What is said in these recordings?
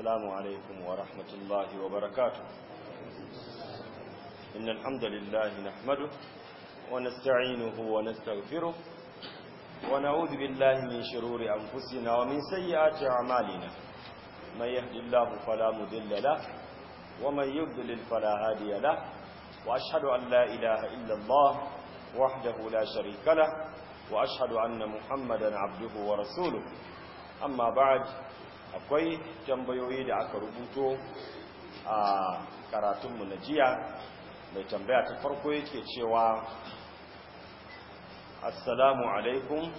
السلام عليكم ورحمة الله وبركاته إن الحمد لله نحمده ونستعينه ونستغفره ونعوذ بالله من شرور أنفسنا ومن سيئات أعمالنا من يهد الله فلا مذل له ومن يضلل فلا هادي له وأشهد أن لا إله إلا الله وحده لا شريك له وأشهد أن محمدا عبده ورسوله أما بعد akwai tambayoyi da aka rubuto a karatunmu na jiya mai tambaya ta farko yake cewa assalamu alaikum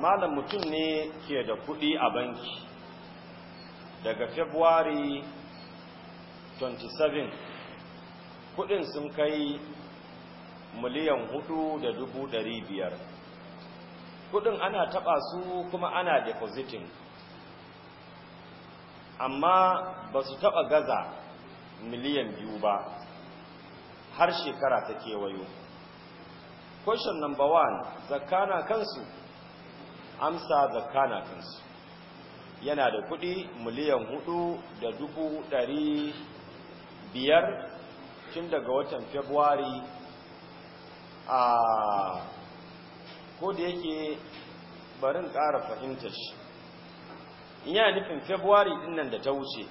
malam mutum ne ke da kudi a banki daga february 27 kudin sun kai miliyan hudu da dubu ɗari biyar kudin ana taba su kuma ana depositing amma ba su taba gaza miliyan biyu ba har shekara ta kewayo question number one zakana kansu amsa zakana kansu yana da kudi miliyan hudu da dubu dari biyar tun daga watan february a ah, ko da yake barin ƙara fahimta shi ina nufin february din nan da ta wuce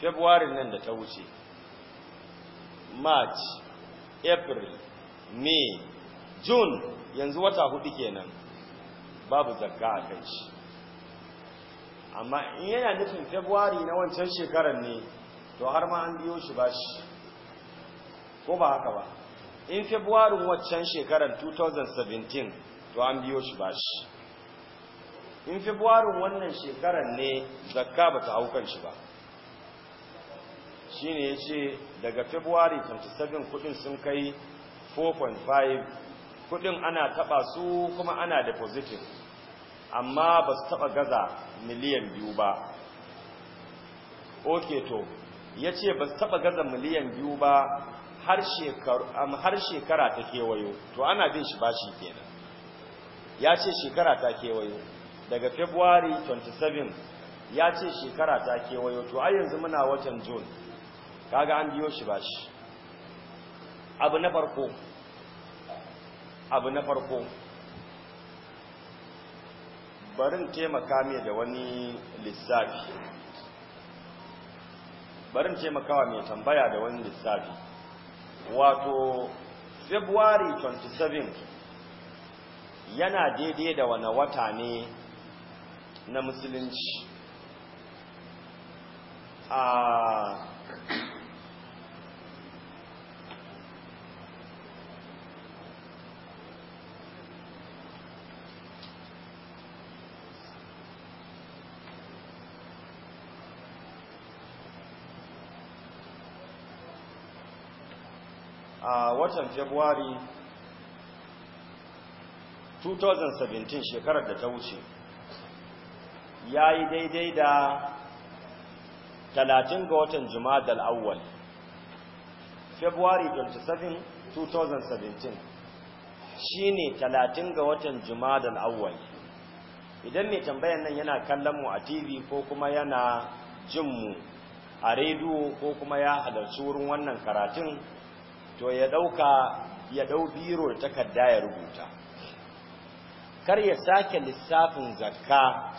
february nan da ta wuce march april may june yanzu wata hudu kenan babu zakka a kan shi amma in yana nufin february na wancan shekarar ne to har ma an biyo shi bashi ko ba haka ba in februarin waccan shekarar 2017 to an biyo shi ba shi, in februarin wannan shekarar ne zakka ba ta haukan shi ba Shi ne ya ce daga february 27 kudin sun kai 4.5 kudin ana taba su kuma ana depositing amma ba su taba gaza miliyan biyu ba ok to ya ce ba su taba gaza miliyan biyu ba har shekara ta kewayo to ana bin shi bashi kenan ya ce shekara ta kewayo daga february 27 ya ce shekara ta kewayo to ai yanzu muna watan june kaga an biyo shi bashi abu na farko abu na farko barin taimaka mai da wani lissafi barin taimakawa mai tambaya da wani lissafi wato february 27 yana daidai da wani wata ne na musulunci a ah, a watan jabuwari 2017 shekarar da ta wuce ya yi daidai da 30 ga watan juma'a awwal february 27 2017 shi ne 30 ga watan juma'a awwal idan mai tambayan nan yana kallon mu a tv ko kuma yana jin mu a rediyo ko kuma ya halarci wurin wannan karatun to ya ɗauka ya ɗau biro da takarda ya rubuta kar ya sake lissafin zakka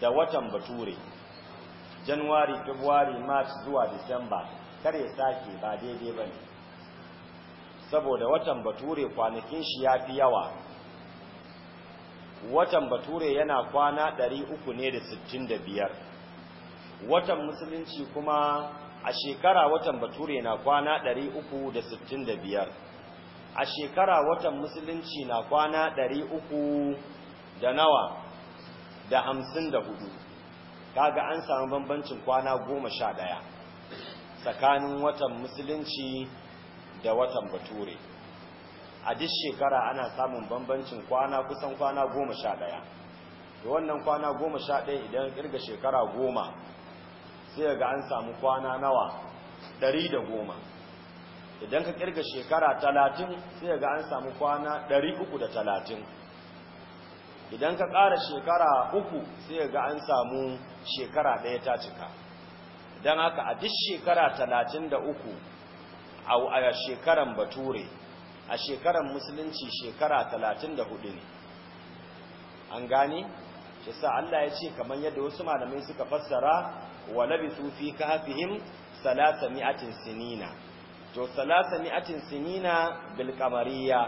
da watan bature januwari february march zuwa disamba kar ya sake ba daidai ba saboda watan bature kwanakin shi ya fi yawa watan bature yana kwana 365 watan musulunci kuma a shekara watan bature na kwana 365 a shekara watan musulunci na kwana 300 da nawa da hamsin da 54 kaga an samu bambancin kwana 11 tsakanin watan musulunci da watan bature a duk shekara ana samun bambancin kwana kusan kwana 11 da wannan kwana 11 idan kirga shekara goma sai ga an samu kwana nawa ɗari da goma idan ka kirga shekara talatin sai ga an samu kwana ɗari uku talatin idan ka ƙara shekara uku sai ga an samu shekara ɗaya ta cika idan haka a duk shekara talatin da uku a shekaran bature a shekaran musulunci shekara talatin da hudu ne an gane shi sa Allah ya ce kamar yadda wasu malamai suka fassara wa labisu fi kahfihim salasa mi'atin sinina to salasa mi'atin sinina bilkamariya qamariyya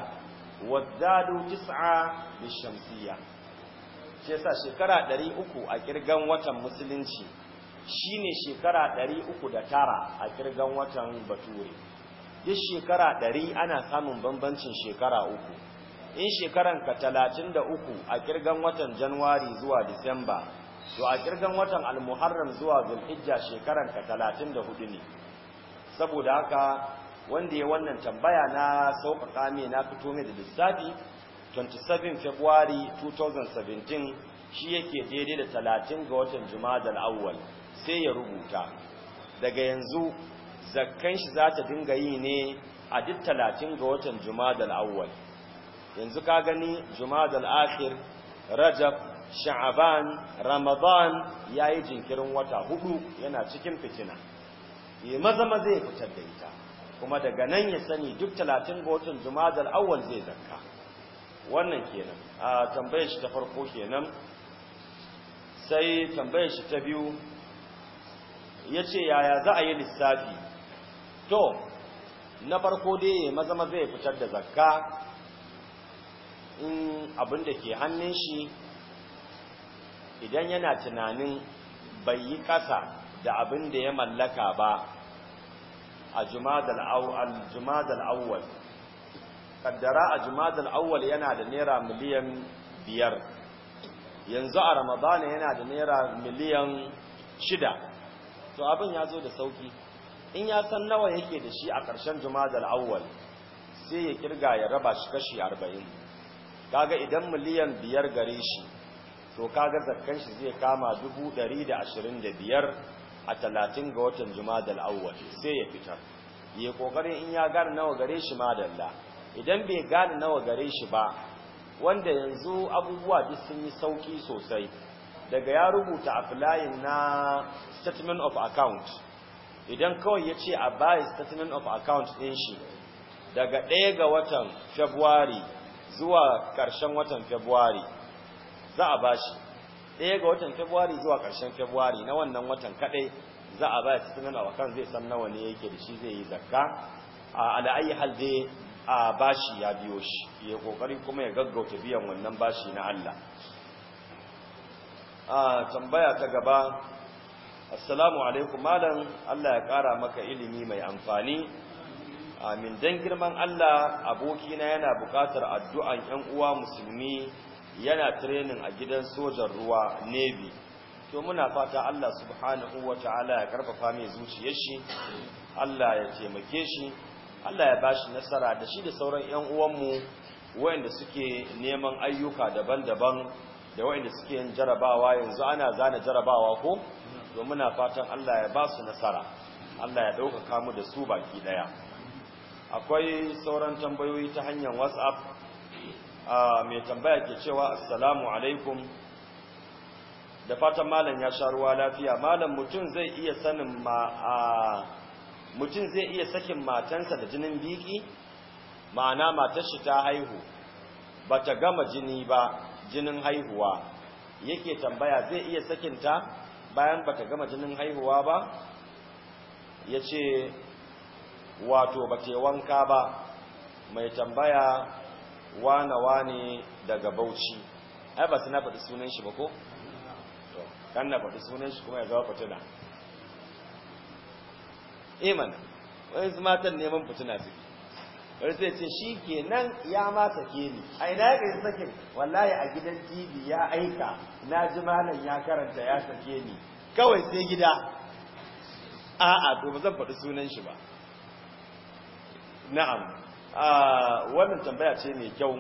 wa zadu tis'a bil shamsiyya shi yasa shekara 300 a kirgan watan musulunci shine shekara 309 a kirgan watan bature duk shekara 100 ana samun bambancin shekara uku in talatin da uku a kirgan watan Januwari zuwa Disamba to a kirgan watan al-muharram zuwa zulhijja shekaran ka 34 ne saboda haka wanda ya wannan tambaya na sauƙaƙa me na fito mai da lissafi 27 February 2017 shi yake daidai da 30 ga watan Jumadal Awwal sai ya rubuta daga yanzu zakkan shi za ta dinga yi ne a duk 30 ga watan Jumadal Awwal yanzu ka gani Jumadal Akhir Rajab sha'aban ramadan ya yi jinkirin wata hudu yana cikin fitina yi maza maza ya fitar da ita kuma daga nan ya sani duk talatin ga jumadar awal zai zakka wannan kenan a tambayar shi ta farko kenan sai tambayar shi ta biyu ya ce yaya za a yi lissafi to na farko dai maza maza ya fitar da zakka in abin da ke hannun shi idan yana tunanin bai yi ƙasa da abin da ya mallaka ba a jumadal awwal kaddara a jumadal awwal yana da naira miliyan biyar yanzu a ramadana yana da naira miliyan shida to abin ya zo da sauki in ya san nawa yake da shi a ƙarshen jumadal awwal sai ya kirga ya raba shi kashi arba'in kaga idan miliyan biyar gare shi to ga zakkan shi zai kama 125 a 30 ga watan jumadal awwal sai ya fita yi kokarin in ya gane nawa gare shi madalla idan bai gane nawa gare shi ba wanda yanzu abubuwa duk sun yi sauki sosai daga ya rubuta applying na statement of account idan kawai ya ce a buy statement of account ɗin shi daga ɗaya ga watan february zuwa ƙarshen watan february za a bashi ɗaya ga watan february zuwa ƙarshen february na wannan watan kaɗai za a ba shi sunan awakan zai san nawa ne yake da shi zai yi zakka a ala'ayi hal dai a bashi ya biyo shi ya kokari kuma ya gaggauta biyan wannan bashi na Allah a tambaya ta gaba assalamu alaikum malam Allah ya kara maka ilimi mai amfani amin dan girman Allah abokina yana bukatar addu'an ƴan uwa musulmi yana training a gidan sojan ruwa navy to muna fata Allah subhanahu ta'ala ya karfafa mai zuciyar shi Allah ya taimake shi Allah ya bashi nasara da shi da sauran ƴan uwanmu waɗanda suke neman ayyuka daban-daban da waɗanda suke yin jarabawa yanzu ana zana jarabawa ko to muna fatan Allah ya ba su nasara Allah ya ɗaukaka mu da su baki ɗaya akwai sauran tambayoyi ta hanyar WhatsApp mai tambaya ke cewa assalamu alaikum da fatan malam ya sha ruwa lafiya malam mutum zai iya sanin ma a mutum zai iya sakin matansa da jinin biki ma'ana matar shi ta haihu Ba ta gama jini ba jinin haihuwa yake tambaya zai iya sakinta bayan ba ta gama jinin haihuwa ba Ya ce. wato bata wanka ba mai tambaya wane wane daga bauchi ai ba su na faɗi sunan shi ba ko? kan na faɗi sunan shi kuma ya zawa fitina iman eh wani su matan neman fitina suke wani sai ce shi nan ya ma ke ni a ina ya kai sakin wallahi a gidan tv ya aika na ji malam ya karanta ya sake ni kawai sai gida a'a to ba zan faɗi sunan shi ba na'am wannan tambaya ce mai kyau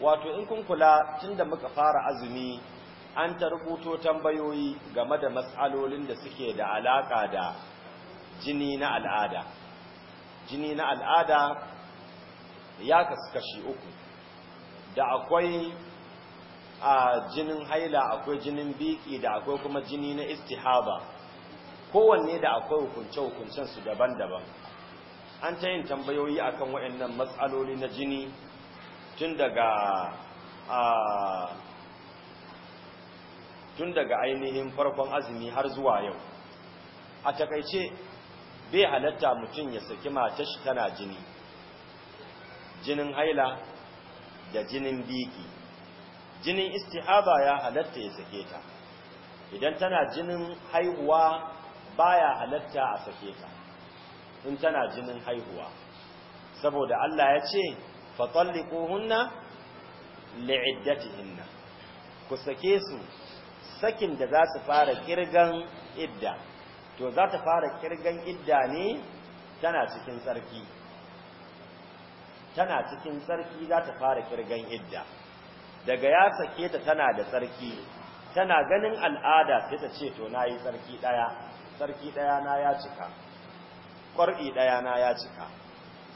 wato in kun kula tunda muka fara azumi an ta rubuto tambayoyi game da matsalolin da suke da alaka da jini na al'ada jini na al'ada ya kasu kashi uku da akwai a jinin haila akwai jinin biki da akwai kuma jini na istihaba kowanne da akwai hukunce-hukuncen su daban-daban an ta yin tambayoyi akan waɗannan matsaloli na jini tun daga tun daga ainihin farkon azumi har zuwa yau a takaice bai halatta mutum ya saki matar shi tana jini jinin haila da jinin biki jinin istihaba ya halatta ya sake ta idan tana jinin haihuwa baya halatta a sake ta in tana jinin haihuwa saboda Allah ya ce fatalliquhunna li'iddatihinna ku sake su sakin da za su fara kirgan idda to za ta fara kirgan idda ne tana cikin sarki tana cikin sarki za ta fara kirgan idda daga ya sake ta tana da sarki tana ganin al'ada sai ta ce to nayi sarki daya sarki daya na ya cika ƙwar'i ɗaya na ya cika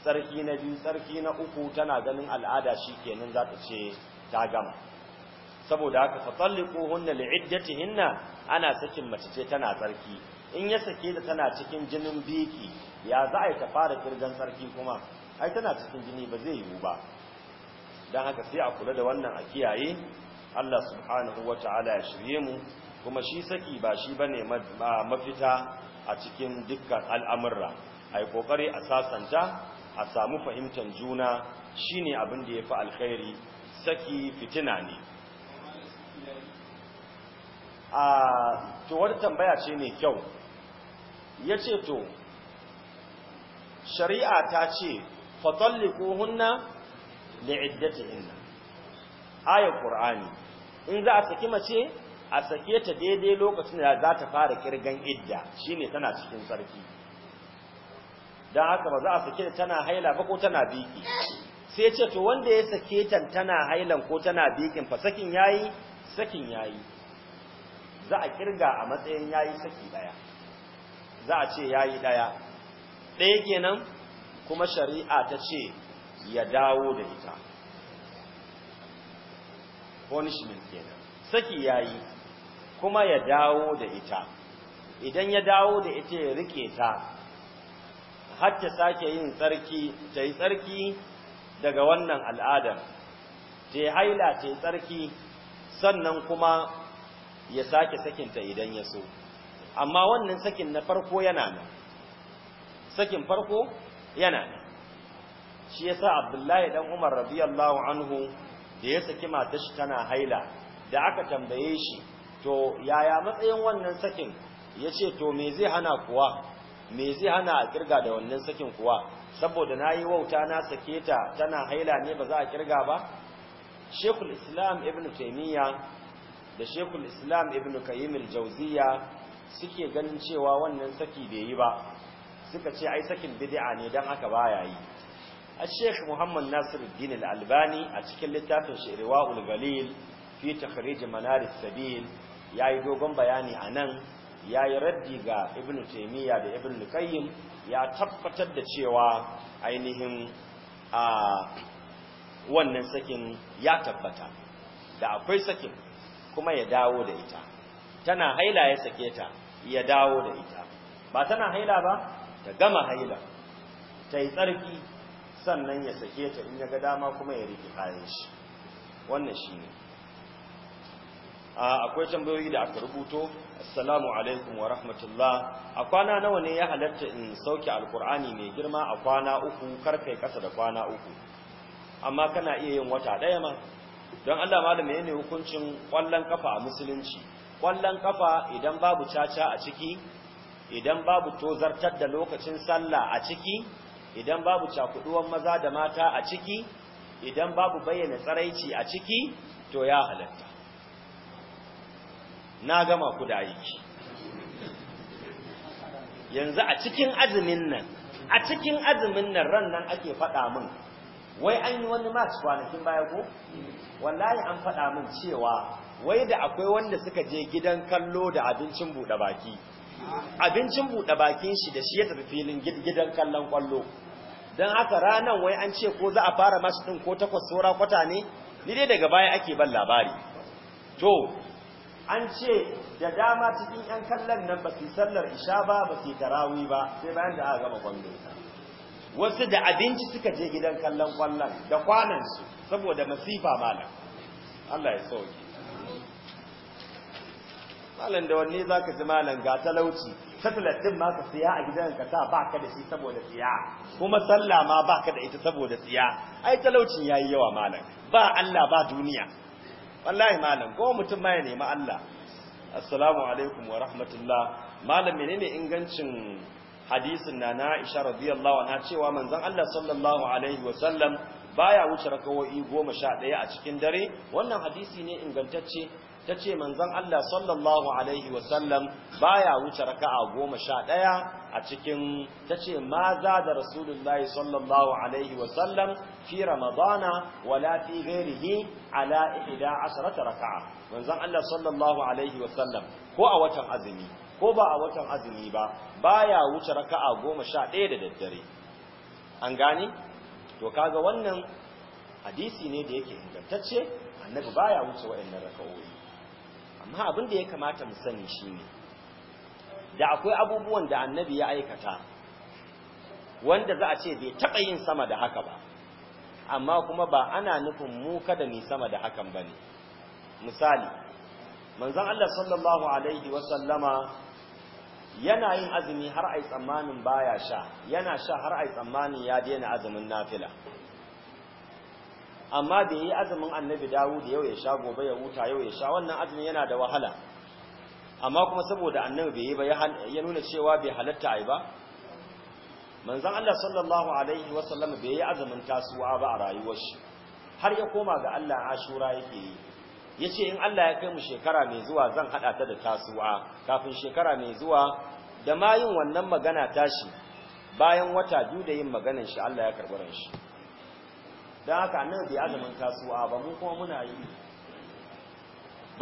tsarki na biyu tsarki na uku tana ganin al'ada shi kenan za ta ce ta gama saboda haka fa ko hunna hinna ana sakin mace ce tana tsarki in ya sake da tana cikin jinin biki ya za a yi ta fara kirgan tsarki kuma ai tana cikin jini ba zai yiwu ba Don haka sai a kula da wannan a kiyaye Allah subhanahu Ta'ala ya shirye mu kuma shi saki ba shi bane mafita a cikin dukkan al'amurra a yi ƙoƙari a sasanta a samu fahimtar juna shi ne abin da ya fi alkhairi saki fitina ne a tuwar tambaya ce mai kyau ya ce to shari'a ta ce fatalliku hunna da iddata inna ayar ƙur'ani in za a saki mace a sake ta daidai lokacin da za ta fara kirgan idda shine tana cikin sarki Don haka ba za a sake ta tana haila ba ko tana biki sai ce to wanda ya sake ta tana hailan ko tana bikin fa sakin yayi sakin yayi za a kirga a matsayin yayi saki daya za a ce yayi daya ɗaya kenan kuma shari'a ta ce ya dawo da ita punishment kenan saki yayi kuma ya dawo da ita idan ya dawo da ita ya rike ta har ta sake yin tsarki ta yi tsarki daga wannan al'adar ta yi haila ta yi tsarki sannan kuma ya sake sakinta idan ya so amma wannan sakin na farko yana nan sakin farko yana nan shi ya sa abdullahi dan umar radiyallahu anhu da ya saki matar shi tana haila da aka tambaye shi to yaya matsayin wannan sakin ya ce to me zai hana kuwa me zai hana a kirga da wannan sakin kuwa saboda na yi wauta na sake ta tana haila ne ba za a kirga ba shekul islam ibn taimiyya da shekul islam ibn kayyimil jauziya suke ganin cewa wannan saki bai yi ba suka ce ai sakin bidi'a ne don haka baya yi a shekh muhammad nasiruddin al-albani a cikin littafin shi ul galil fi takhrij manar sabil ya yi dogon bayani a nan ya yi raddi ga ibn taimiyya da ibn qayyim ya tabbatar da cewa ainihin a wannan sakin ya tabbata da akwai sakin kuma ya dawo da ita tana haila ya sake ta ya dawo da ita ba tana haila ba ta gama haila ta yi tsarki sannan ya sake ta in ya ga dama kuma ya riƙe kayan shi wannan shi ne akwai tambayoyi da aka rubuto assalamu alaikum wa rahmatullah a kwana nawa ne ya halatta in sauke alkur'ani mai girma a kwana uku karkai kasa da kwana uku amma kana iya yin wata ɗaya ma don Allah malama ne hukuncin ƙwallon kafa a musulunci Ƙwallon kafa idan babu caca a ciki idan babu tozartar da lokacin sallah a ciki idan babu cakuduwan maza da mata a ciki idan babu bayyana tsaraici a ciki to ya halatta na gama ku da aiki yanzu a cikin azumin nan a cikin azumin nan ran nan ake faɗa min wai an yi wani match kwanakin baya ko wallahi an faɗa min cewa wai da akwai wanda suka je gidan kallo da abincin buɗe baki abincin buɗe bakin shi da shi ya tafi filin gidan kallon kwallo don haka ranar wai an ce ko za a fara masu ɗin ko takwas saura kwata ne ni dai daga baya ake ban labari to an ce da dama cikin yan kallon nan ba su sallar isha ba ba su tarawi ba sai bayan da aka gama ta. wasu da abinci suka je gidan kallon kwallon da kwanansu saboda masifa malam Allah ya sauki. malam da wanne zaka ji malam ga talauci satellite din ma ka siya a gidan ka ta baka da shi saboda siya kuma sallah ma baka da ita saboda siya ai talaucin yayi yawa malam ba Allah ba duniya wallahi malam ko mutum ma ya nemi Allah assalamu alaikum wa rahmatullah malam menene ingancin hadisin na na Aisha radiyallahu anha cewa manzon Allah sallallahu alaihi wa sallam baya wuce rakawoyi 11 a cikin dare wannan hadisi ne ingantacce ta ce manzon Allah sallallahu alaihi wasallam baya wuce raka'a goma sha ɗaya a cikin ta ce ma za da rasulullahi sallallahu alaihi wasallam fi ramadana wala fi ghairihi ala ta asharata raka'a manzon Allah sallallahu alaihi wasallam ko a watan azumi ko ba a watan azumi ba baya wuce raka'a goma sha ɗaya da daddare an gane to kaga wannan hadisi ne da yake ingantacce annabi baya wuce wa'annan raka'o'i amma abin da ya kamata mu sani shi ne, da akwai abubuwan da annabi ya aikata wanda za a ce bai taɓa yin sama da haka ba amma kuma ba ana nufin mu kada ni sama da hakan ba ne misali manzon Allah sallallahu alaihi wasallama yana yin azumi har ai tsammanin baya sha yana sha har ai tsammanin ya daina azumin nafila amma da yi azumin annabi Dawud yau ya sha gobe ya huta yau ya sha wannan azumin yana da wahala amma kuma saboda annabi bai yi ba ya nuna cewa bai halatta ai ba manzon Allah sallallahu alaihi wa sallam bai yi azumin tasuwa ba a rayuwar shi har ya koma ga Allah Ashura yake yi yace in Allah ya kai mu shekara mai zuwa zan hada ta da tasuwa kafin shekara mai zuwa da ma yin wannan magana tashi bayan wata biyu da yin maganar shi Allah ya karbi shi don haka nan bai azumin kasuwa ba mu kuma muna yi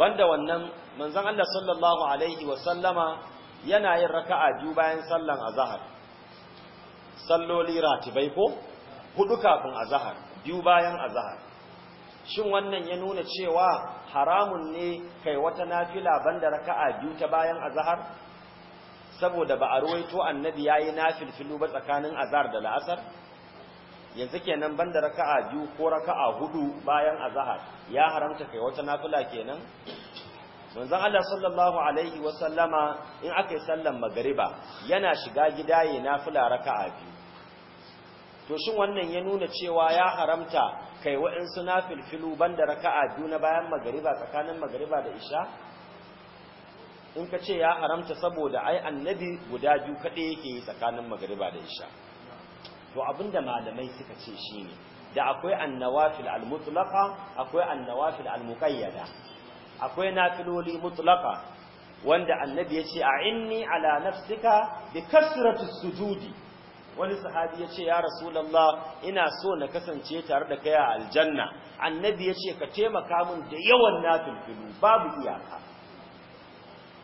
banda wannan manzon Allah sallallahu alaihi wa sallama yana yin raka'a biyu bayan sallan azhar salloli ratibai ko hudu kafin azhar biyu bayan azhar shin wannan ya nuna cewa haramun ne kai wata nafila banda raka'a biyu ta bayan azhar saboda ba a ruwaito annabi yayi nafilfilu ba tsakanin azhar da la'asar yanzu kenan banda raka'a biyu ko raka'a hudu bayan azhar ya haramta kai wata nafila kenan manzon Allah sallallahu alaihi wa sallama in aka yi sallan magariba yana shiga gida yayin nafila raka'a biyu to shin wannan ya nuna cewa ya haramta kai wa'ansu nafilfilu banda raka'a biyu na bayan magariba tsakanin magariba da isha in ka ce ya haramta saboda ai annabi guda biyu kaɗai yake yi tsakanin magariba da isha to abinda malamai suka ce shine da akwai annawafil almutlaqa akwai annawafil almuqayyada akwai nafiloli mutlaqa wanda annabi ya ce a inni ala nafsika bi kasratu sujudi wani sahabi ya ce ya rasulallah ina so na kasance tare da kai a aljanna annabi ya ce ka taimaka min da yawan nafilu babu iyaka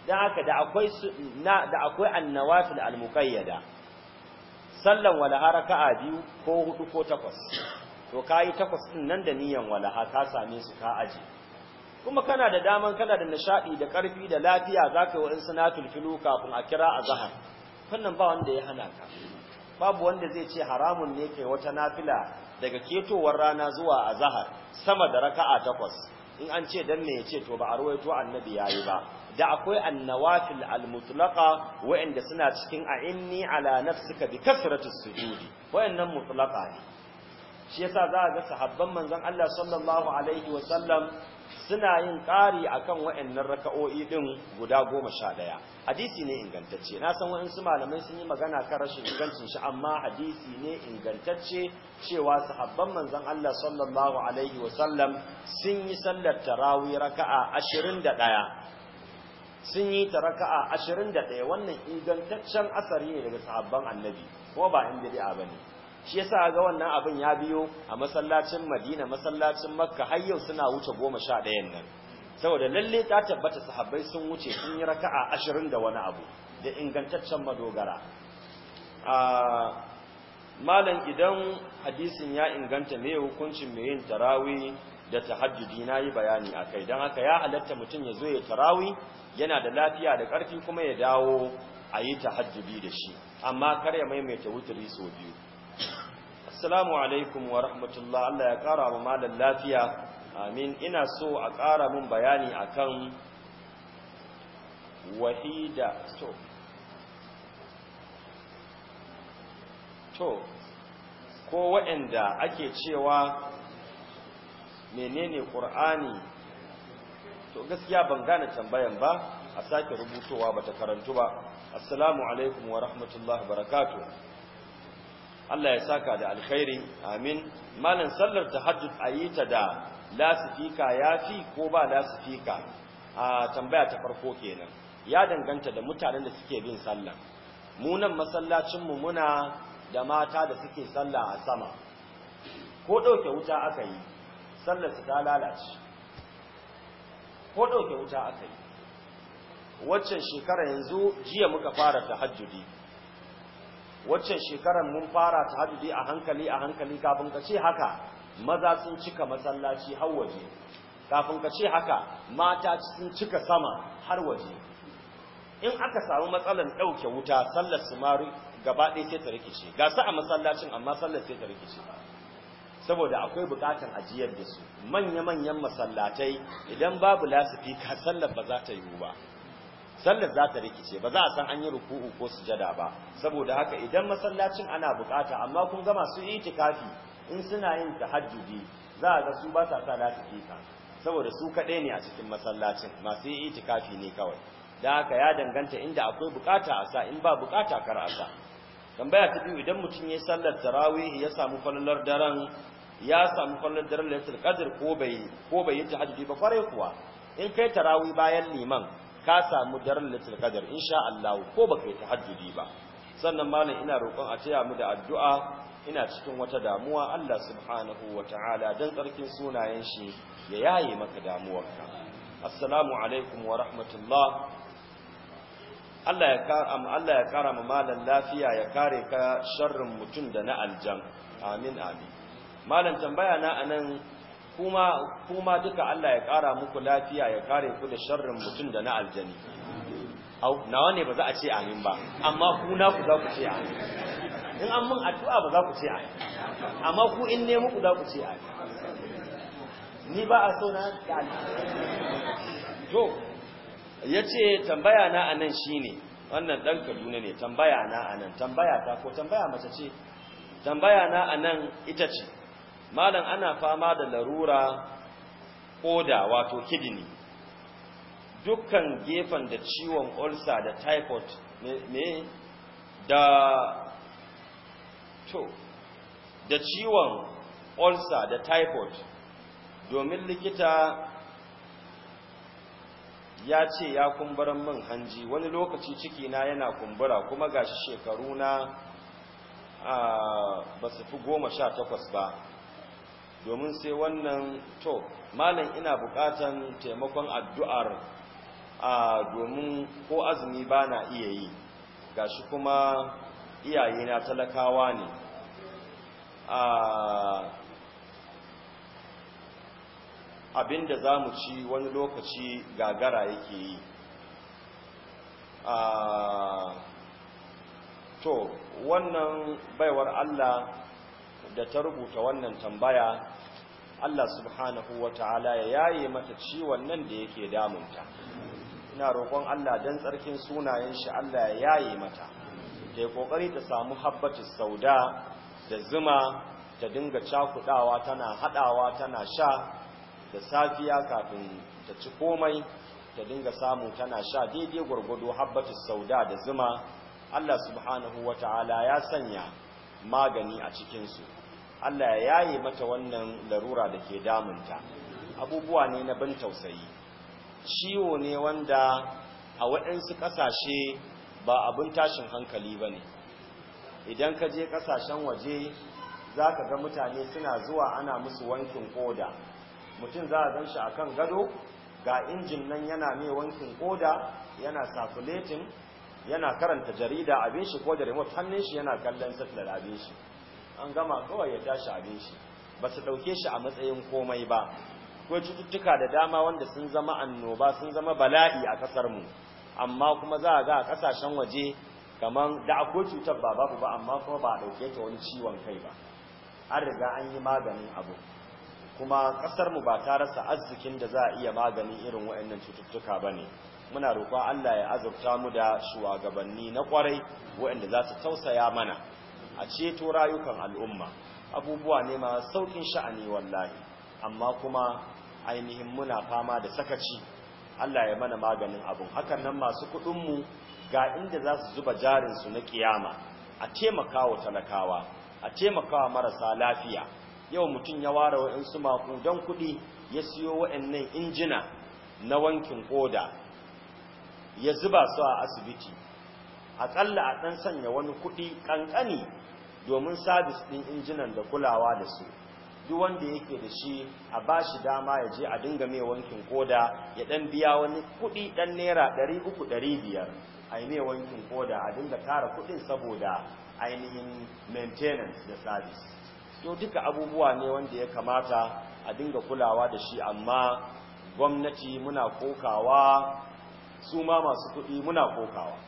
dan haka da akwai da akwai annawafil almuqayyada sallan walaha raka'a biyu ko hudu ko takwas to kayi takwas din nan da niyan walaha ka same su ka aje kuma kana da daman kana da nishadi da karfi da lafiya zaka yi wa'insu natul filu kafin a kira a zahar wannan ba wanda ya hana ka babu wanda zai ce haramun ne kai wata nafila daga ketowar rana zuwa a zahar sama da raka'a takwas in an ce dan me ya ce to ba a ruwaito annabi yayi ba da akwai annawafil almutlaqa wa'anda suna cikin a'inni ala nafsika bi kasrati sujudi wa'annan mutlaqa ne shi yasa za ga sahabban manzon Allah sallallahu alaihi wa sallam suna yin ƙari akan wa'annan raka'o'i din guda 11 hadisi ne ingantacce na san su malamai sun yi magana kan rashin ingancin shi amma hadisi ne ingantacce cewa sahabban manzon Allah sallallahu alaihi wa sallam sun yi sallar tarawih raka'a 21 sun yi ta raka'a ɗaya wannan ingantaccen asari ne daga sahabban annabi kuma ba in ba ne. shi yasa ga wannan abin ya biyo a masallacin Madina masallacin Makka har yau suna wuce goma sha ɗayan nan saboda lalle ta tabbata sahabbai sun wuce sun yi raka'a ashirin da wani abu da ingantaccen madogara a malam idan hadisin ya inganta me hukuncin mai yin tarawih da tahajjudi nayi bayani akai dan haka ya alatta mutum ya zo ya tarawi yana da lafiya da karfi kuma ya dawo a yi tahajjudi da shi amma kar ya maimaita wuturi sau biyu assalamu alaikum wa rahmatullah Allah ya kara mu malam lafiya amin ina so a kara mun bayani akan wahida to to ko waɗanda ake cewa menene Ƙur'ani? to gaskiya ban gane tambayan ba a sake rubutowa ba ta karantu ba assalamu alaikum wa rahmatullahi barakatuh Allah ya saka da alkhairi amin malan sallar tahajjud ta da lasifika fi ko ba lasifika a tambaya ta farko kenan ya danganta da mutanen da suke bin sallah mu nan masallacin mu muna da mata da suke sallah a sama ko ɗauke wuta aka yi sallarsa ta lalace ko ɗauke wuta aka yi waccan shekara yanzu jiya muka fara ta hajjudi waccan shekarar mun fara ta hajjudi a hankali a hankali kafin ka ce haka maza sun cika masallaci har waje kafin ka ce haka mata sun cika sama har waje in aka samu matsalan ɗauke wuta sallar mari gaba ɗaya sai ta rikice ga su a masallacin amma sallar sai ta rikice saboda akwai bukatar ajiyar da su manya-manyan masallatai idan babu lasifika sallar ba za ta yiwu ba sallar za ta rikice ba za a san an yi ruku'u ko sujada ba saboda haka idan masallacin ana bukata amma kun ga masu itikafi in suna yin tahajjudi za a ga su ba sa sa lasifika saboda su kaɗai ne a cikin masallacin masu yi itikafi ne kawai da haka ya danganta inda akwai bukata a sa in ba bukata kar a sa tambaya ta biyu idan mutum ya sallar tarawih ya samu falalar daren ya samu kwallon daren lailatul qadr ko bai ko yi tahajjudi ba farai kuwa in kai tarawi bayan liman ka samu daren lailatul in sha Allah ko baka yi tahajjudi ba sannan malam ina roƙon a taya mu da addu'a ina cikin wata damuwa Allah subhanahu wataala dan tsarkin sunayen shi ya yaye maka damuwarka assalamu alaikum wa rahmatullah Allah ya kara Allah ya kara ma malam lafiya ya kare ka sharrin mutum da na aljan amin amin malam tambaya na anan kuma kuma duka Allah ya kara muku lafiya ya kare ku da sharrin mutum da na aljani au nawa ne ba za a ce amin ba amma ku na ku za ku ce amin in an mun addu'a ba za ku ce amin amma ku in ne muku za ku ce amin ni ba a so na to yace tambaya na anan shine wannan dan Kaduna ne tambaya na anan tambaya ta ko tambaya mace ce tambaya na anan ita ce malam ana fama da larura koda wato kidney dukkan gefen da ciwon ulcer da typhoid ne da to da ciwon ulcer da typhoid domin likita ya ce ya kumburan min hanji wani lokaci cikina yana kumbura kuma gashi shekaru na ah, ba su fi goma sha takwas ba domin sai wannan to malam ina bukatan taimakon addu'ar a domin ko azumi ba na iya yi ga shi kuma iyaye na talakawa ne a abinda za mu ci wani lokaci gagara yake yi a to wannan baiwar Allah da ta rubuta wannan tambaya Allah subhanahu wa ta'ala ya yaye mata ciwon nan da yake damunta ina roƙon Allah dan tsarkin sunayen shi Allah ya yaye mata ta yi ƙoƙari ta samu habbatus sauda da zuma ta dinga cakuɗawa tana haɗawa tana sha da safiya kafin ta ci komai ta dinga samu tana sha daidai gwargwado habbatus sauda da zuma Allah subhanahu wa ta'ala ya sanya magani a cikinsu Allah ya yaye mata wannan larura da ke damunta abubuwa ne na ban tausayi ciwo ne wanda a waɗansu ƙasashe ba abin tashin hankali ba ne idan ka je ƙasashen waje za ka ga mutane suna zuwa ana musu wankin koda, mutum za a gan shi a gado ga injin nan yana mai wankin koda, yana safuletin yana karanta jarida abin shi ko da remote hannun shi yana kallon satilar abin shi an gama kawai ya tashi abin shi ba su ɗauke shi a matsayin komai ba ko cututtuka da dama wanda sun zama annoba sun zama bala'i a ƙasar mu amma kuma za a ga a ƙasashen waje kamar da akwai cutar ba babu ba amma kuma ba a ɗauke ta wani ciwon kai ba an riga an yi maganin abu kuma ƙasarmu mu ba ta rasa arzikin da za a iya maganin irin waɗannan cututtuka ba ne muna roƙon Allah ya azurta mu da shugabanni na ƙwarai waɗanda za su tausaya mana a ceto rayukan al'umma abubuwa ne ma saukin sha'ani wallahi amma kuma ainihin muna fama da sakaci Allah ya mana maganin abun hakan nan masu mu ga inda za su zuba jarinsu na kiyama a taimakawa talakawa a taimakawa marasa lafiya yau mutum ya ware wa'insu makudan kuɗi ya siyo wa'annan injina na wankin koda ya zuba su a asibiti a aƙalla a ɗan sanya wani kuɗi ƙanƙani domin sabis ɗin injinan da kulawa da su duk wanda yake da shi a ba shi dama ya je a dinga mai wankin koda ya ɗan biya wani kuɗi ɗan naira ɗari uku ɗari biyar a mai wankin koda a dinga tara kuɗin saboda ainihin maintenance da sabis to duka abubuwa ne wanda ya kamata a dinga kulawa da shi amma gwamnati muna kokawa su ma masu kuɗi muna kokawa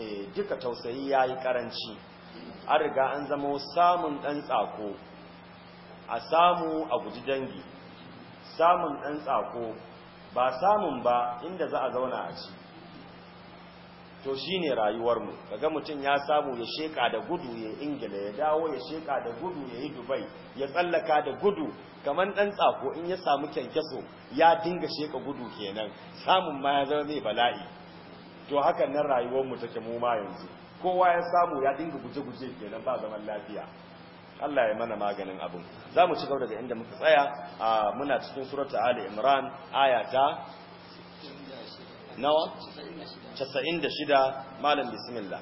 Eh, duka tausayi ya yi karanci an riga an zama samun ɗan tsako a samu a guji dangi samun ɗan tsako ba samun ba inda za a zauna a ci to shi ne rayuwarmu kaga mutum ya samu ya sheka da gudu ya ingila ya dawo ya sheka da gudu ya yi dubai ya tsallaka da gudu kamar ɗan tsako in ya samu kyankyaso ya dinga sheka gudu kenan samun ma ya zama zai bala'i to hakan nan rayuwar mu take mu ma yanzu kowa ya samu ya dinga guje-guje kenan ba zaman lafiya Allah ya mana maganin abin za mu ci gaba daga inda muka tsaya a muna cikin surata ali imran ayata nawa 96 malam bismillah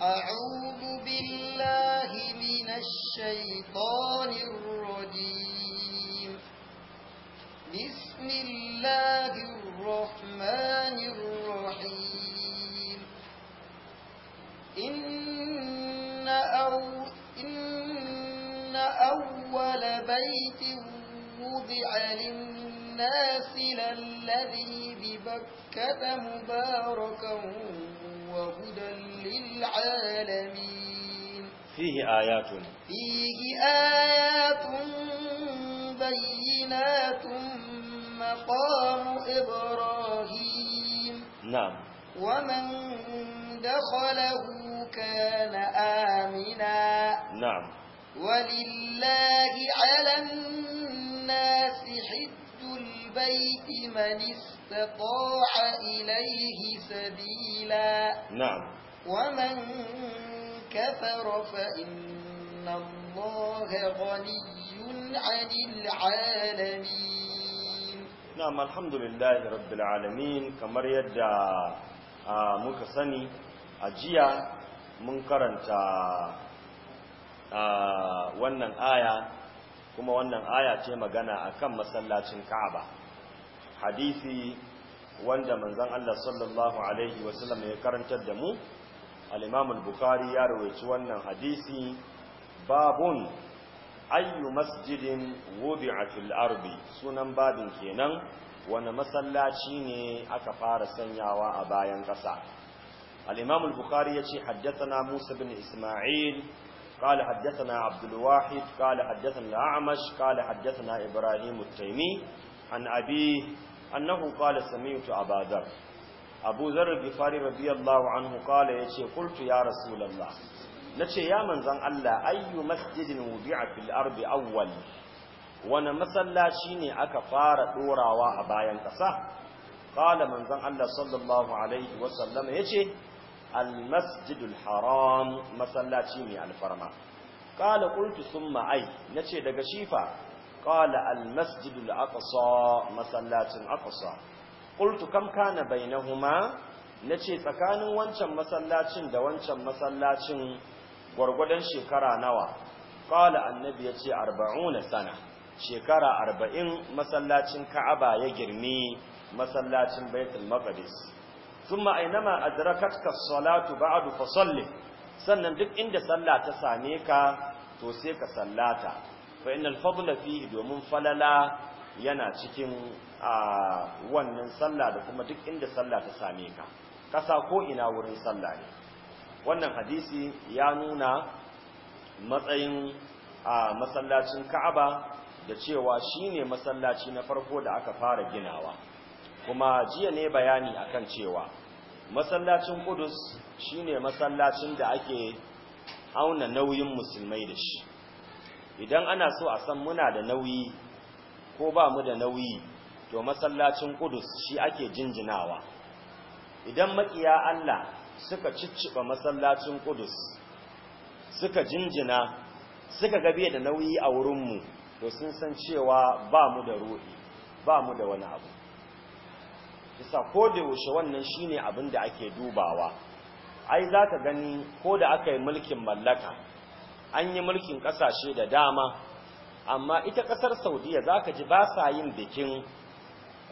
أعوذ بالله من الشيطان الرجيم بسم الله الرحمن الرحيم إن, أو إن أول بيت وضع للناس للذي ببكة مباركا وهدى للعالمين فيه آيات فيه آيات بينات مقام إبراهيم نعم ومن دخله كان آمنا نعم ولله على الناس حد البيت من استطاع إليه سبيلا نعم ومن كفر فإن الله غني عن العالمين na'am alhamdulillahi rabbil alamin kamar yadda muka sani a jiya mun karanta wannan aya kuma wannan aya ce magana akan masallacin Ka'aba hadisi wanda manzon Allah sallallahu alaihi wasallam ya karantar da mu al-Imam al-Bukhari ya rawaici wannan hadisi babun ayyu masjidin wudi'a fil ardi sunan babin kenan wani masallaci ne aka fara sanyawa a bayan ƙasa al-imam al-bukhari yace haddathana musa bin isma'il قال حدثنا عبد الواحد قال حدثنا الأعمش قال حدثنا إبراهيم التيمي عن أبيه أنه قال سمعت أبا ذر أبو ذر الغفاري رضي الله عنه قال يشي قلت يا رسول الله nace ya manzon Allah ayyu masjidin wudi'a fil ardi awwal wani masallaci ne aka fara dorawa a bayan ƙasa qala manzon Allah sallallahu alaihi wasallam yace al masjidul haram masallaci ne alfarma qala qultu thumma ay nace daga shifa qala al masjidul aqsa masallacin aqsa qultu kam kana bainahuma nace tsakanin wancan masallacin da wancan masallacin gwargwadon shekara nawa qala annabi ce arba'una sana shekara arba'in masallacin ka'aba ya girmi masallacin baitul maqdis thumma ma adrakatka as-salatu ba a dufa salli sannan duk inda sallah ta same ka to sai ka sallata fa inal fadla fihi domin falala yana cikin a wannan salla, da kuma duk inda sallah ta same ka kasa ko ina wurin salla ne wannan hadisi ya nuna matsayin a masallacin Ka'aba da cewa shine masallaci na farko da aka fara ginawa kuma jiya ne bayani akan cewa masallacin shi shine masallacin da ake auna nauyin musulmai da shi idan ana so a san muna da nauyi ko ba mu da nauyi to masallacin Kudus shi ake jinjinawa idan makiya Allah suka cicciba masallacin Kudus, suka jinjina suka gabe da nauyi a wurinmu to sun san cewa ba mu da ruhi ba mu da wani abu kisa ko da yaushe wannan shine abin da ake dubawa ai za ka gani ko da aka yi mulkin mallaka an yi mulkin ƙasashe da dama amma ita ƙasar saudiya za ka ji ba sa yin bikin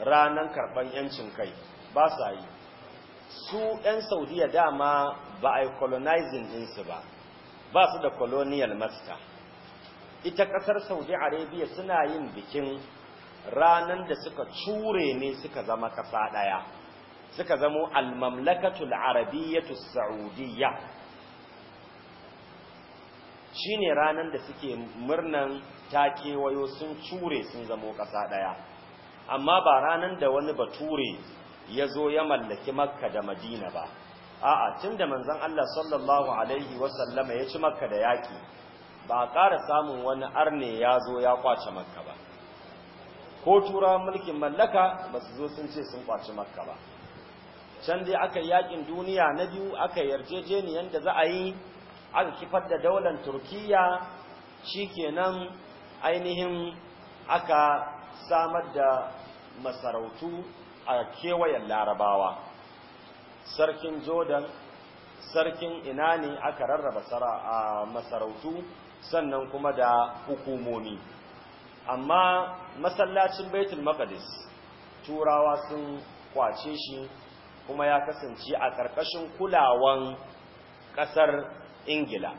ranar karɓar 'yancin kai ba sa yi su ɗan saudiya dama ba a yi colonizing ɗinsu ba ba su da colonial master ita ƙasar saudi arabia suna yin bikin ranar da suka cure ne suka zama ƙasa ɗaya suka zamo almamlakatul arabiyyatu saudiyya ne ranar da suke murnan ta kewayo sun cure sun zamo ƙasa ɗaya amma ba ranar da wani ba ture. ya zo ya mallaki makka da madina ba a'a tun da manzan Allah sallallahu alaihi wasallama ya ci makka da yaƙi ba a ƙara samun wani arne ya zo ya kwace makka ba ko tura mulkin mallaka ba su zo sun ce sun kwace makka ba can dai aka yaƙin duniya na biyu aka yarjejeniyar da za a yi aka kifar da daular turkiya shikenan ainihin aka samar da masarautu a kewayen larabawa sarkin jordan sarkin ina ne aka rarraba masarautu sannan kuma da hukumomi amma masallacin baitul maqdis turawa sun kwace shi kuma ya kasance a ƙarƙashin kulawan ƙasar ingila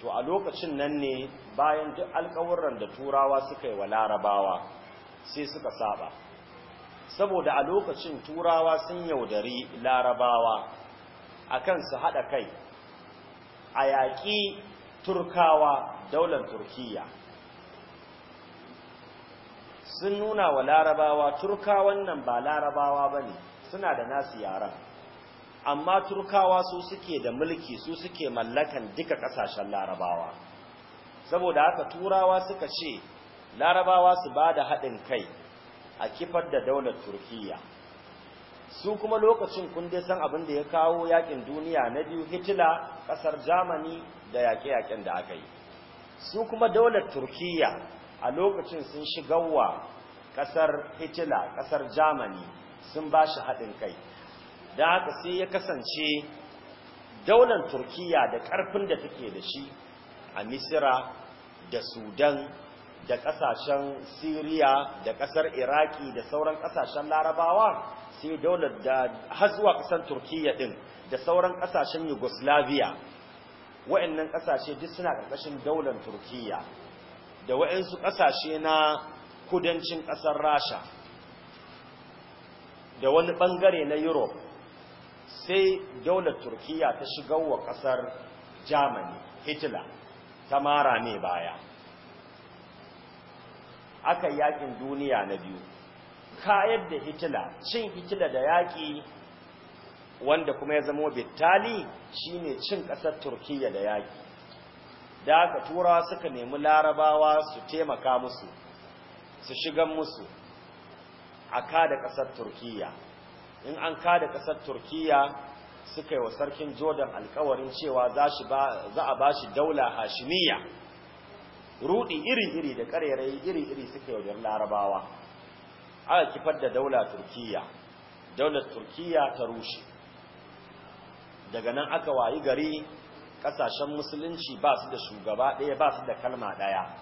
to a lokacin nan ne bayan duk alƙawurran da turawa suka yi wa larabawa sai suka saba saboda a lokacin turawa sun yaudari larabawa akan su haɗa kai a yaƙi turkawa daular turkiya sun nuna wa larabawa turkawan nan ba larabawa ba ne suna da nasu yaren amma turkawa su suke da mulki su suke mallakan duka ƙasashen larabawa saboda haka turawa suka ce larabawa su ba da haɗin kai a kifar da daular turkiyya su kuma lokacin kun dai san abin da ya kawo yakin duniya na biyu hitila ƙasar Jamani, da yaƙe-yaƙen da aka yi su kuma daular turkiyya a lokacin sun shigarwa ƙasar hitila ƙasar Jamani sun ba shi haɗin kai da haka sai ya kasance daular turkiyya da ƙarfin da take da shi a misira da sudan da kasashen Siriya da kasar Iraki da sauran kasashen Larabawa sai dole da har zuwa kasar Turkiyya din da sauran kasashen Yugoslavia wayannan kasashe duk suna karkashin daular Turkiyya, da wayansu kasashe na kudancin kasar Rasha da wani bangare na Europe sai daular Turkiyya ta shigar wa kasar Germany Hitler ta mara ne baya aka yakin duniya na biyu kayar da hitila cin hitila da yaƙi wanda kuma ya zama bittali shine cin ƙasar Turkiyya da yaƙi da aka tura suka nemi larabawa su taimaka musu su shigan musu a kada ƙasar Turkiyya. in an kada ƙasar Turkiyya suka yi wa sarkin jordan alkawarin cewa za a ba shi daula hashimiyya rudi iri-iri da ƙarairayi iri-iri suke wajen larabawa aka kifar da daula Turkiyya. daular Turkiyya ta rushe daga nan aka wayi gari ƙasashen musulunci ba su da shugaba ɗaya ba su da kalma ɗaya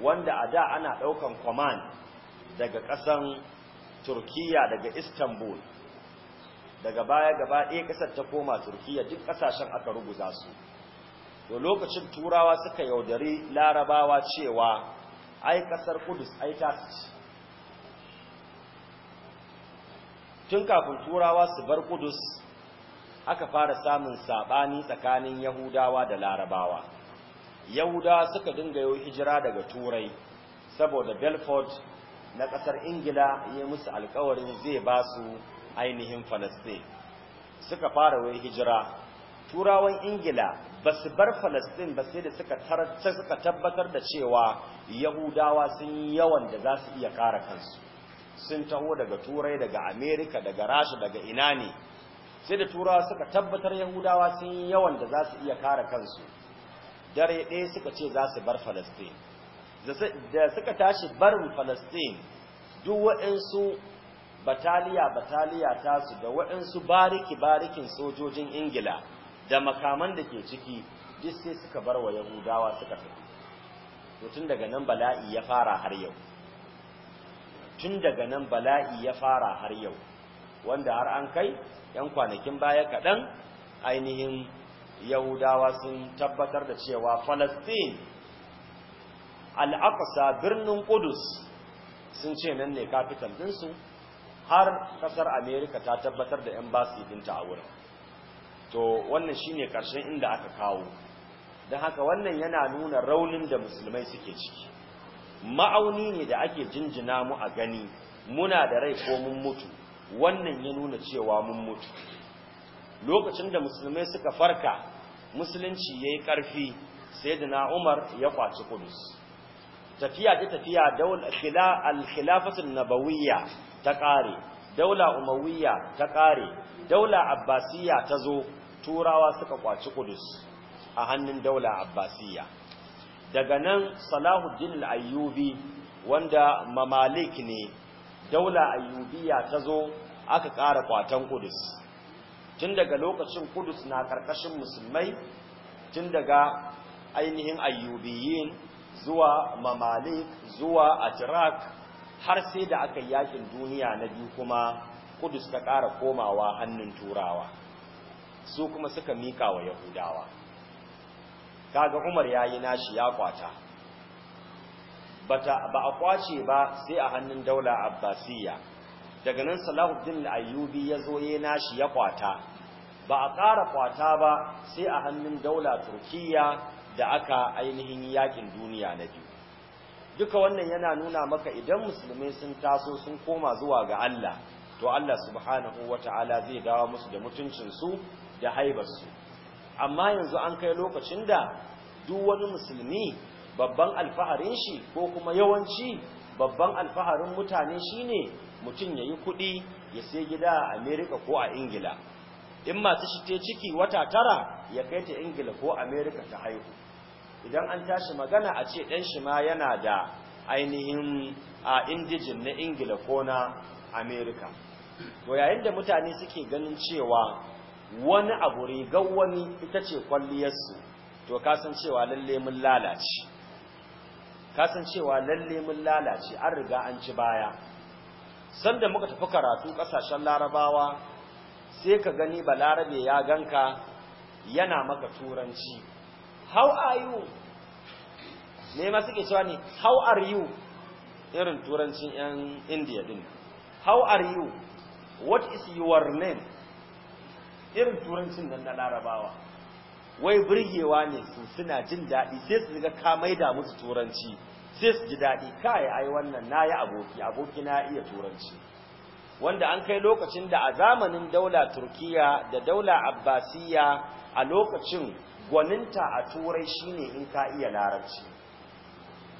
wanda a da ana ɗaukan kwaman daga ƙasan Turkiyya daga istanbul daga baya gaba ɗaya ƙasar ta koma turkiya duk ƙasashen aka ruguza su to lokacin turawa suka yaudari larabawa cewa ai kasar kudus ai ta ci tun kafin turawa su bar kudus aka fara samun sabani tsakanin yahudawa da larabawa yahudawa suka dinga yau hijira daga turai saboda belford na kasar ingila ya musu alkawarin zai ba su ainihin falastin suka fara wai hijira turawan ingila ba su bar falastin ba sai da suka tabbatar da cewa yahudawa sun yi yawan da za su iya kara kansu sun taho daga turai daga amerika daga rasha daga ina ne sai da turawa suka tabbatar yahudawa sun yi yawan da za su iya kara kansu dare ɗaya suka ce za su bar falastin da suka tashi barin falastin duk waɗansu bataliya bataliya tasu da waɗansu bariki barikin sojojin ingila da makaman da ke ciki duk sai suka bar wa yahudawa suka tafi to tun daga nan bala'i ya fara har yau tun daga nan bala'i ya fara har yau wanda har an kai yan kwanakin baya kaɗan ainihin yahudawa sun tabbatar da cewa falastin al'aqsa birnin kudus sun ce nan ne kafital ɗinsu har ƙasar amerika ta tabbatar da 'yan basi ɗinta a wurin to wannan shine karshen inda aka kawo don haka wannan yana nuna raunin da musulmai suke ciki ma'auni ne da ake jinjina mu a gani muna da rai ko mun mutu wannan ya nuna cewa mun mutu lokacin da musulmai suka farka musulunci ya yi ƙarfi sai da na umar ya kwaci kudus tafiya ta tafiya daul alkhilafatun nabawiyya ta ƙare daula umawiyya ta kare daula abbasiyya ta zo turawa suka kwaci kudus a hannun daula abbasiyya daga nan salahuddin al-ayyubi wanda mamalik ne daula ayyubiya ta zo aka ƙara kwatan kudus tun daga lokacin kudus na ƙarƙashin musulmai tun daga ainihin ayyubiyin zuwa mamalik zuwa atirak har sai da aka yakin duniya na biyu kuma kudus ta ƙara komawa hannun turawa su kuma suka mika wa yahudawa kaga umar ya yi nashi ya kwata ba a kwace ba sai a hannun daula abbasiyya daga nan salahuddin Ayyubi ya zo ya nashi ya kwata ba a ƙara kwata ba sai a hannun daula turkiyya da aka ainihin yakin duniya na biyu duka wannan yana nuna maka idan musulmi sun taso sun koma zuwa ga Allah to Allah subhanahu wataala zai dawo musu da mutuncinsu da haibarsu amma yanzu an kai lokacin da duk wani musulmi babban alfaharin shi ko kuma yawanci babban alfaharin mutane shine mutum yayi kuɗi ya sai gida a America ko a Ingila in masu shi ciki wata tara ya kai ta Ingila ko Amerika ta haihu idan an tashi magana a ce ɗan shi ma yana da ainihin a indijin na ingila ko na amerika to yayin da mutane suke ganin cewa wani abu rigar wani ita ce kwalliyarsu to kasancewa lalle mun lalace kasancewa lalle mun lalace an riga an ci baya sanda muka tafi karatu ƙasashen larabawa sai ka gani balarabe ya ganka yana maka turanci how are you ne ma suke cewa ne how are you irin turancin yan India din how are you what is your name irin turancin nan na larabawa wai burgewa ne su suna jin daɗi sai su ga ka da musu turanci sai su ji daɗi kai ai wannan nayi aboki aboki na iya turanci wanda an kai lokacin da a zamanin daula turkiya da daula abbasiya a lokacin gwaninta a turai shine in ka iya larabci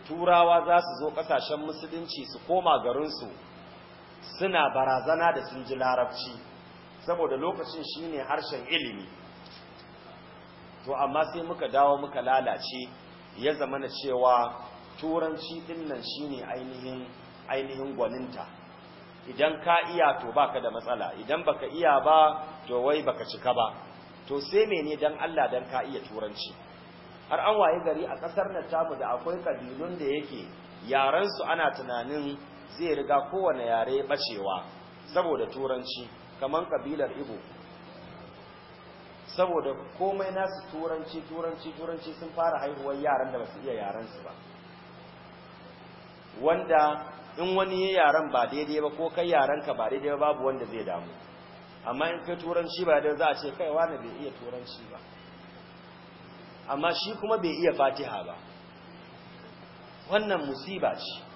turawa za su zo kasashen musulunci su koma garinsu suna barazana da sun ji larabci saboda lokacin shine harshen ilimi to amma sai muka dawo muka lalace ya zama na cewa turanci din nan shine ainihin ainihin gwaninta idan ka iya to baka da matsala idan baka iya ba to wai baka cika ba to sai me ne dan Allah dan ka iya turanci har an waye gari a kasar nan tamu da akwai kabilun da yake yaran su ana tunanin zai riga kowane yare bacewa saboda turanci kaman kabilar Ibo saboda komai nasu turanci turanci turanci sun fara haihuwar yaran da basu iya yaran su ba wanda in wani yaran ba daidai ba ko kai yaran ba daidai ba babu wanda zai damu amma in kai turanci ba dan za a ce kai wani bai iya turanci ba amma shi kuma bai iya fatiha ba wannan musiba ce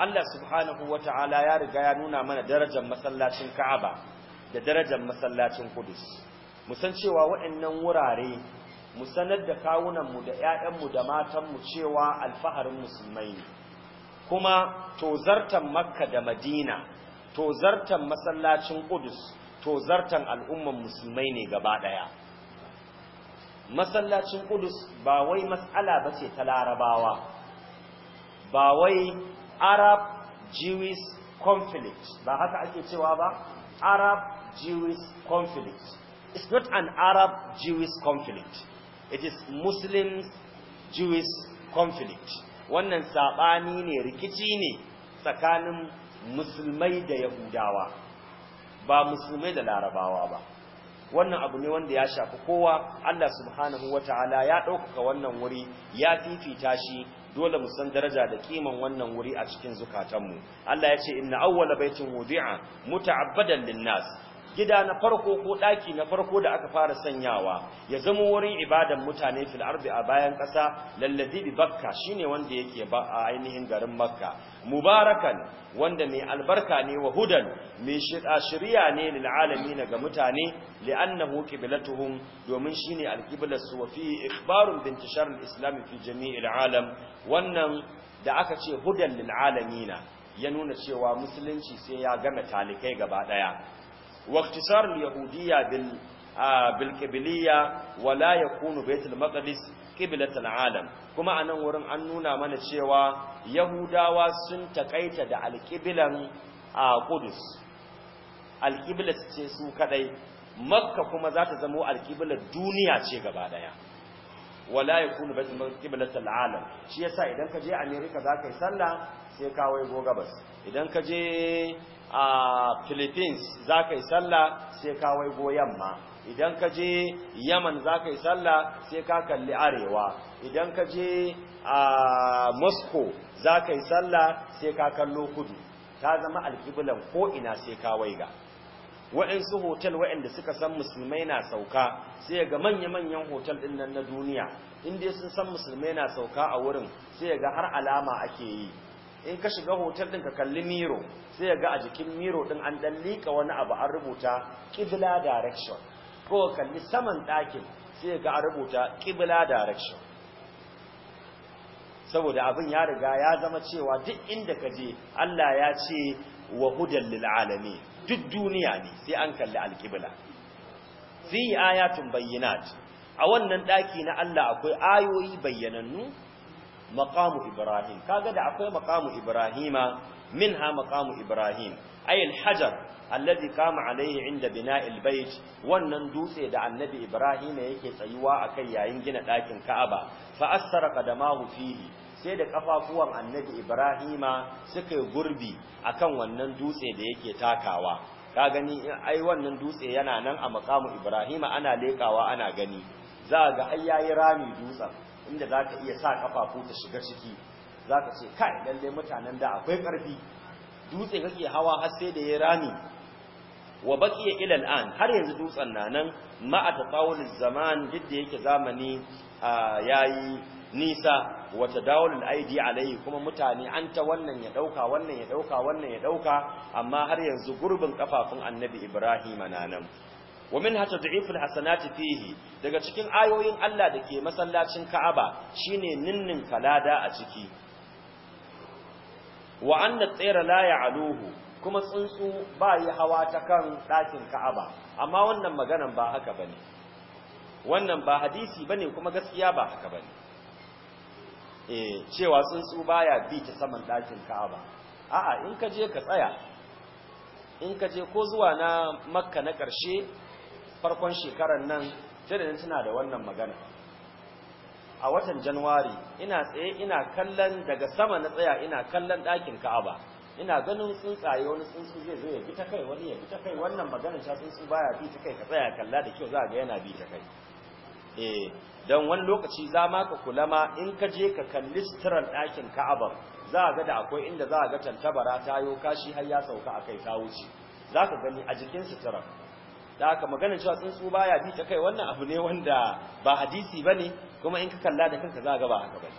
Allah subhanahu wata'ala ya riga ya nuna mana darajar masallacin Ka'aba da darajar masallacin Qudus san cewa waɗannan wurare mu sanar da kawunanmu da ƴaƴan da matan mu cewa alfaharin musulmai ne kuma tozartan Makka da Madina tozartan masallacin Qudus To zartan al'umman musulmai ne gaba ɗaya masallacin kudus ba wai matsala ba ce ta larabawa ba wai arab jewish conflict ba haka ake cewa ba arab jewish conflict it's not an arab jewish conflict it is muslim jewish conflict wannan saɓani ne rikici ne tsakanin musulmai da yahudawa ba musulmai da larabawa ba wannan abu ne wanda ya shafi kowa Allah subhanahu wataala ya ɗaukaka wannan wuri ya fifita shi dole mu san daraja da kiman wannan wuri a cikin zukatanmu Allah ya ce inna awwala baitin wudi'a muta'abbadan linnas gida na farko ko ɗaki na farko da aka fara sanyawa ya zama wurin ibadan mutane fil a bayan ƙasa, lallazi bi bakka shine wanda yake ba a ainihin garin makka mubarakan wanda mai albarka ne wa hudan mai shiriya ne lil alamin ga mutane li'annahu qiblatuhum domin shine alqiblar su wa fi ikhbarun bi intishar islam fi jami'il al'alam, wannan da aka ce hudan lil alamin ya nuna cewa musulunci sai ya gama talikai gaba daya واختصار اليهودية بال بالقبلية ولا يكون بيت المقدس قبلة العالم كما أنا ورن أن نونا من الشيوى يهودا وسن تقيت دع الكبلة قدس الكبلة تسو كدي مكة كما ذات زمو الكبلة دنيا تشيغ بعدها ولا يكون بيت المقدس قبلة العالم شيئا yasa كجي أمريكا je america سيكاوي بوغبس sallah sai idan ka a Philippines za ka yi sallah sai ka waigo yamma idan ka je Yaman za ka yi sallah sai ka kalli arewa idan ka je a Moscow za ka yi sallah sai ka kallo kudu ta zama alkiblan ko'ina sai ka waiga waɗansu hotel waɗanda suka san musulmai na sauka sai ga manya-manyan hotel din nan na duniya inda sun san musulmai na sauka a wurin sai ga har alama ake yi in ka shiga hotar ɗin ka kalli miro sai ya ga a jikin miro ɗin an ɗan liƙa wani abu an rubuta ƙibla direction ko kalli saman ɗakin sai ya ga an rubuta ƙibla direction saboda abin ya riga ya zama cewa duk inda ka je Allah ya ce wa hudan lil'alami duk duniya ne sai an kalli alƙibla fi ayatun bayyinat a wannan ɗaki na Allah akwai ayoyi bayyanannu maqamu ibrahim kaga da akwai maqamu ibrahima minha maqamu ibrahim ay al-hajar alladhi qama alayhi inda bina'il bayt wannan dutse da annabi ibrahim yake tsayuwa a kai yayin gina ɗakin ka'aba fa'assara asara qadamahu sai da ƙafafuwan annabi ibrahima suka yi gurbi akan wannan dutse da yake takawa ka gani ai wannan dutse yana nan a maqamu ibrahima ana lekawa ana gani za ga ai yayi rami dutsen inda za ka iya sa kafafu ta shiga ciki za ka ce kai lalle mutanen da akwai ƙarfi dutse kake hawa har sai da ya rami wa ya ila al'an har yanzu dutsen na nan ma a zaman duk da yake zamani yayi nisa wata tadawul aidi alai kuma mutane an ta wannan ya dauka wannan ya dauka wannan ya dauka amma har yanzu gurbin kafafun annabi ibrahim na nan wa min hata da'iful hasanati fihi daga cikin ayoyin Allah da ke masallacin Ka'aba shine ninnin kalada a ciki wa anna tsira la ya'aluhu kuma tsuntsu ba yi hawa ta kan ɗakin Ka'aba amma wannan maganan ba haka bane wannan ba hadisi bane kuma gaskiya ba haka bane eh cewa tsuntsu baya bi ta saman ɗakin Ka'aba a'a in ka je ka tsaya in ka je ko zuwa na makka na ƙarshe farkon shekarar nan na suna da wannan magana a watan januwari ina tsaye ina kallon daga sama na tsaya ina kallon ɗakin ka'aba ina ganin tsuntsaye wani tsuntsu zai zo ya bi ta kai wani ya bi ta kai wannan maganar ta tsuntsu baya bi ta kai ka tsaya kalla da kyau za ga yana bi ta kai eh don wani lokaci za ma ka kula ma in ka je ka kalli sitiran ɗakin ka'aba za ga da akwai inda za a ga tantabara ta yo kashi har ya sauka akai kai ta wuce za ka gani a jikin sitiran da aka magana cewa tsuntsu baya bi ta kai wannan abu ne wanda ba hadisi bane kuma in ka kalla da kanka za ga ba haka bane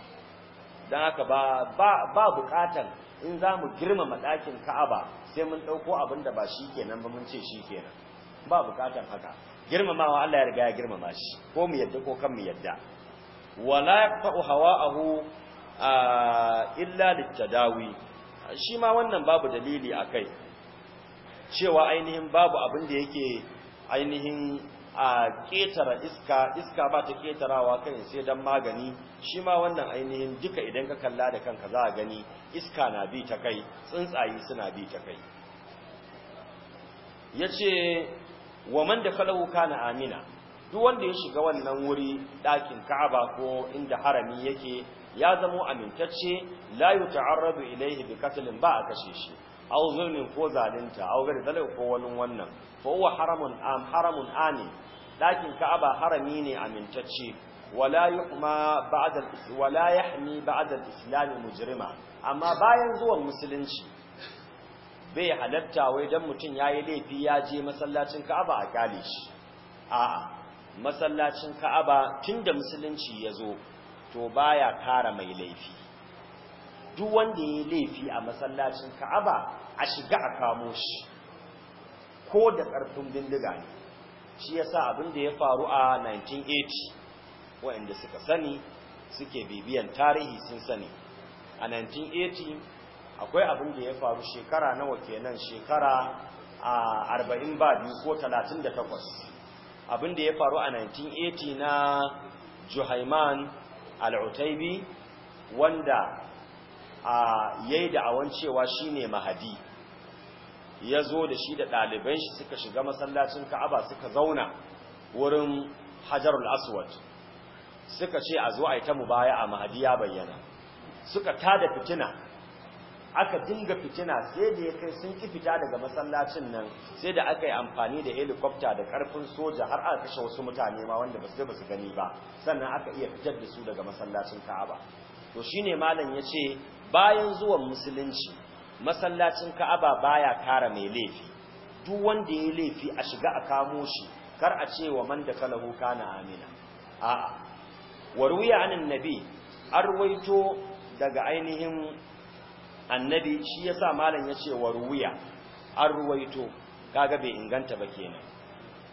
dan haka ba ba bukatan in za mu girmama ɗakin Ka'aba sai mun ɗauko abin da ba shi kenan ba mun ce shi kenan ba bukatan haka girmamawa Allah ya riga ya girmama shi ko mu yadda ko kan mu yadda wala yaqta'u hawa'ahu illa litadawi shi ma wannan babu dalili akai cewa ainihin babu abin da yake ainihin a ketara iska iska ba ta ketarawa kan sai dan magani shi ma wannan ainihin duka idan ka kalla da kanka za a gani iska na bi ta kai tsuntsaye suna bi ta kai yace wa man dakhalahu kana amina duk wanda ya shiga wannan wuri ɗakin Ka'aba ko inda harami yake ya zamo amintacce la yuta'arradu ilayhi bi qatlin ba a kashe shi aw zulmin ko zalunta aw gari dalil ko wani wannan fa huwa haramun am haramun ani dakin ka'aba harami ne amintacce wala yuhma ba'da wala yahmi ba'da islam mujrima amma bayan zuwan musulunci bai halatta wai dan mutun yayi laifi ya je masallacin ka'aba a kale shi a'a masallacin ka'aba tunda musulunci ya zo to baya kara mai laifi duk wanda ya laifi a masallacin Ka'aba a shiga a kamo shi ko da ƙarfin bindiga ne shi yasa abin da ya faru a 1980 waɗanda suka sani suke bibiyan tarihi sun sani a 1980 akwai abin da ya faru shekara nawa kenan shekara a 42 biyu ko 38 abin da ya faru a 1980 na Juhaiman al wanda a yayi da awan cewa shine mahadi ya zo da shi da ɗaliban shi suka shiga masallacin ka'aba suka zauna wurin hajarul aswad suka ce a zo a yi ta mubaya'a a mahadi ya bayyana suka tada fitina aka dinga fitina sai da ya kai sun ki fita daga masallacin nan sai da aka yi amfani da helicopter da karfin soja har aka kashe wasu mutane ma wanda ba su ba su gani ba sannan aka iya fitar da su daga masallacin Ka'aba to shine malam yace bayan zuwan musulunci masallacin ka'aba baya kara mai laifi duk wanda ya laifi a shiga a kamo shi kar a ce wa man da kalahu kana amina a'a wa ruwiya anin arwaito daga ainihin annabi shi yasa malam yace wa ruwiya arwaito kaga bai inganta ba kenan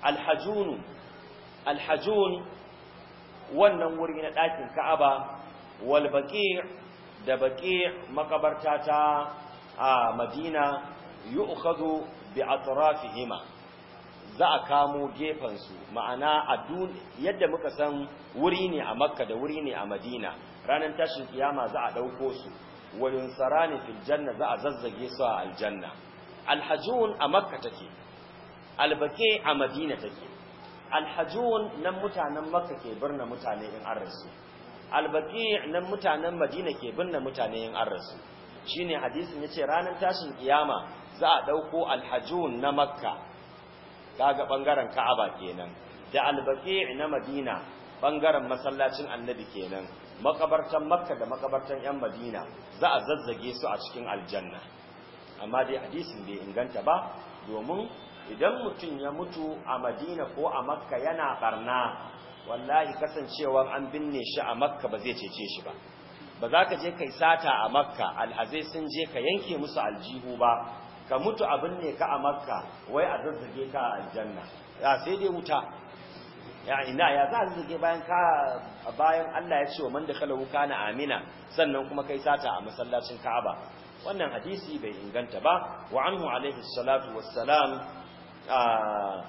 alhajun alhajun wannan wuri na ɗakin ka'aba wal baqi' da baƙi makabarta ta a Madina yu'khadhu bi atrafihima za a kamo gefen su ma'ana a yadda muka san wuri ne a Makka da wuri ne a Madina ranar tashin kiyama za a su wa yunsarani fil filjanna za a zazzage su a aljanna alhajun a Makka take albaqi' a Madina take alhajun nan mutanen Makka ke birnin mutane in an rasu albaki nan mutanen madina ke binne mutane yin arrasu shine hadisin ce ranar tashin kiyama za a dauko alhajun na makka kaga ɓangaren ka'aba kenan da albaki na madina ɓangaren masallacin annabi kenan makabartan makka da makabartan yan madina za a zazzage su a cikin aljanna amma dai hadisin bai inganta ba domin idan mutum ya mutu a madina ko a makka yana barna wallahi kasancewar an binne shi a makka ba zai cece shi ba ba za ka je kai sata a makka alhazai sun je ka yanke musu aljihu ba ka mutu a binne ka a makka wai a zazzage ka a aljanna ya sai dai wuta ya ina ya za a zazzage bayan Allah ya ce wa man dakhala na amina sannan kuma kai sata a masallacin Ka'aba wannan hadisi bai inganta ba wa anhu alaihi salatu wassalam ah,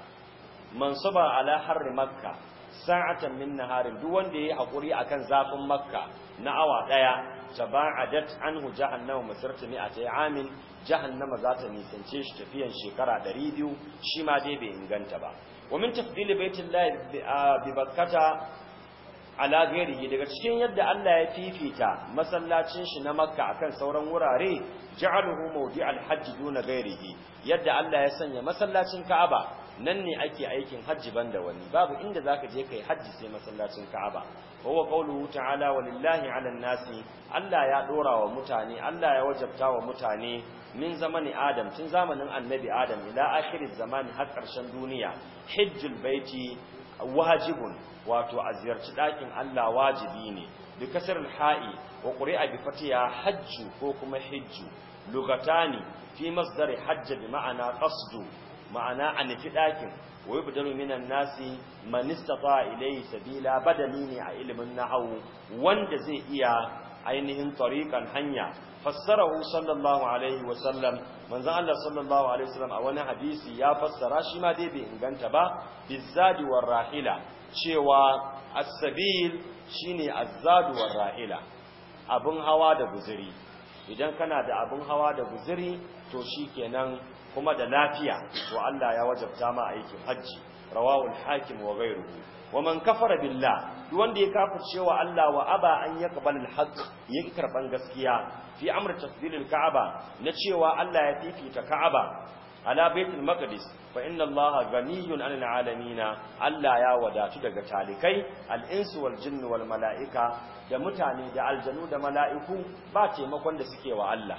man saba ala makka sa'atan min naharin duk wanda yayi hakuri akan zafin makka na awa daya tabaadat anhu jahannama masirtu mi'ati amin jahannama za ta nisance shi tafiyan shekara 200 shi ma dai bai inganta ba wa min tafdil baitillahi bi bakkata ala gairihi daga cikin yadda Allah ya fifita masallacin shi na Makka akan sauran wurare ja'aluhu mawdi'al hajj duna gairihi yadda Allah ya sanya masallacin Ka'aba nan ne ake aikin hajji banda wani babu inda za ka je kai hajji sai masallacin Ka'aba huwa ala wa lillahi ala nasi Allah ya ɗora wa mutane Allah ya wajabta wa mutane min zamani Adam tun zamanin Annabi Adam ila akhiriz zamani har ƙarshen duniya hajjul baiti wajibun wato a ziyarci ɗakin Allah wajibi ne bi kasar ha'i wa ƙuri'a bi fatiya hajju ko kuma hijju lugatani fi masdari hajja bi ma'ana qasdu ma'ana a nufi ɗakin wa yi minan nasi manistafa ilai sabila badali ne a ilimin nahawu wanda zai iya ainihin tariqan hanya hu sallallahu alaihi wa sallam Allah sallallahu alaihi wa sallam a wani hadisi ya fassara shi ma dai bai inganta ba bizadi war rahila cewa as-sabil shine azadu war rahila abun hawa da guzuri idan kana da abun hawa da guzuri to shikenan kuma da lafiya to Allah ya wajabta ma aikin hajji rawahu al-hakim wa ghayruhu wa man kafara billah duk wanda ya kafirce wa Allah wa aba an yaqbal al-haqq yin karban gaskiya fi amr tasdil al-ka'aba na cewa Allah ya fifita ka'aba ala baitul maqdis fa inna allaha ghaniyyun 'anil Allah ya wadatu daga talikai al-insu wal jinni wal mala'ika da mutane da aljanu da mala'iku ba taimakon da suke wa Allah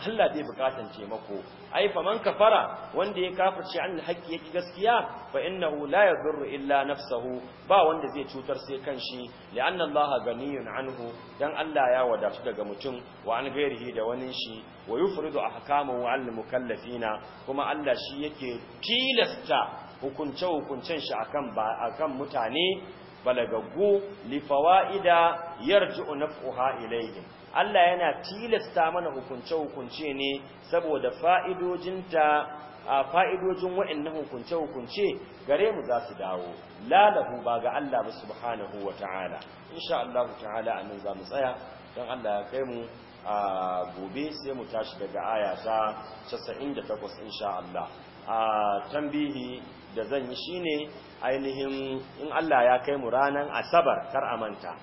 Allah bai bukatan taimako ai fa man kafara wanda ya kafirce an haƙƙi yake gaskiya fa innahu la yadurru illa nafsahu ba wanda zai cutar sai kanshi li'anna Allah ganiyun anhu dan Allah ya wadatu daga mutum wa an gairihi da wani shi wa yufridu ahkamahu 'ala mukallafina kuma Allah shi yake tilasta hukunce hukuncen shi akan ba akan mutane balagaggu li fawaida yarji'u naf'uha ilayhim Allah yana tilasta mana hukunce-hukunce ne saboda fa'idojinta a fa'idojin waɗannan hukunce-hukunce gare mu za su dawo lalahu ba ga Allah ba subhanahu wa ta'ala insha Allah ta'ala a za mu tsaya don Allah ya kai mu a gobe sai mu tashi daga aya ta 98 insha Allah a tambihi da zan yi shine ainihin in Allah ya kai mu ranar asabar kar a manta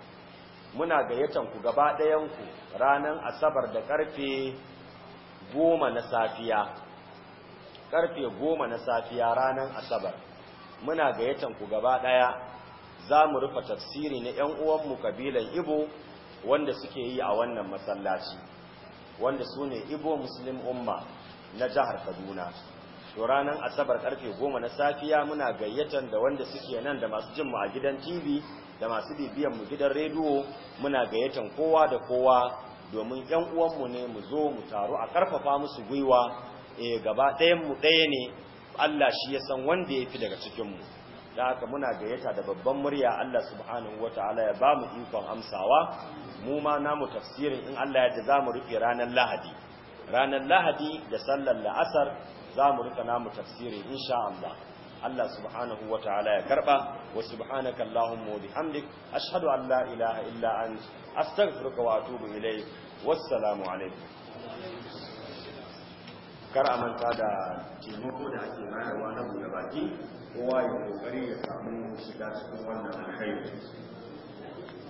muna gayyatan ku gaba ɗayan ku ranan asabar da karfe goma na safiya karfe 10 na safiya ranan asabar muna gayyatan ku gaba ɗaya za mu rufe tafsiri na ƴan uwanmu kabilan Ibo wanda suke yi a wannan masallaci wanda sune ne Ibo Muslim Umma na jihar Kaduna to ranar asabar karfe goma na safiya muna gayyatan da wanda suke nan da masu jin mu a gidan tv da masu bibiyan mu gidan rediyo muna gayyatan kowa da kowa domin yan uwanmu ne mu zo mu taru a karfafa musu gwiwa eh gaba ɗayan mu ɗaya ne Allah shi ya san wanda ya fi daga cikin mu da haka muna gayyata da babban murya Allah subhanahu wataala ya ba mu ikon amsawa mu ma namu tafsirin in Allah ya da za mu rufe ranar Lahadi ranar Lahadi da sallar la'asar za mu rika namu tafsiri insha Allah Allah subhanahu wa ta'ala ya karba wa subhanaka allahumma wa bihamdik ashhadu an la ilaha illa ant astaghfiruka wa atubu ilayk wassalamu alaikum kar a manta da taimako da ake bayarwa na buɗe baki kowa ya kokari ya samu shiga cikin wannan alkhairi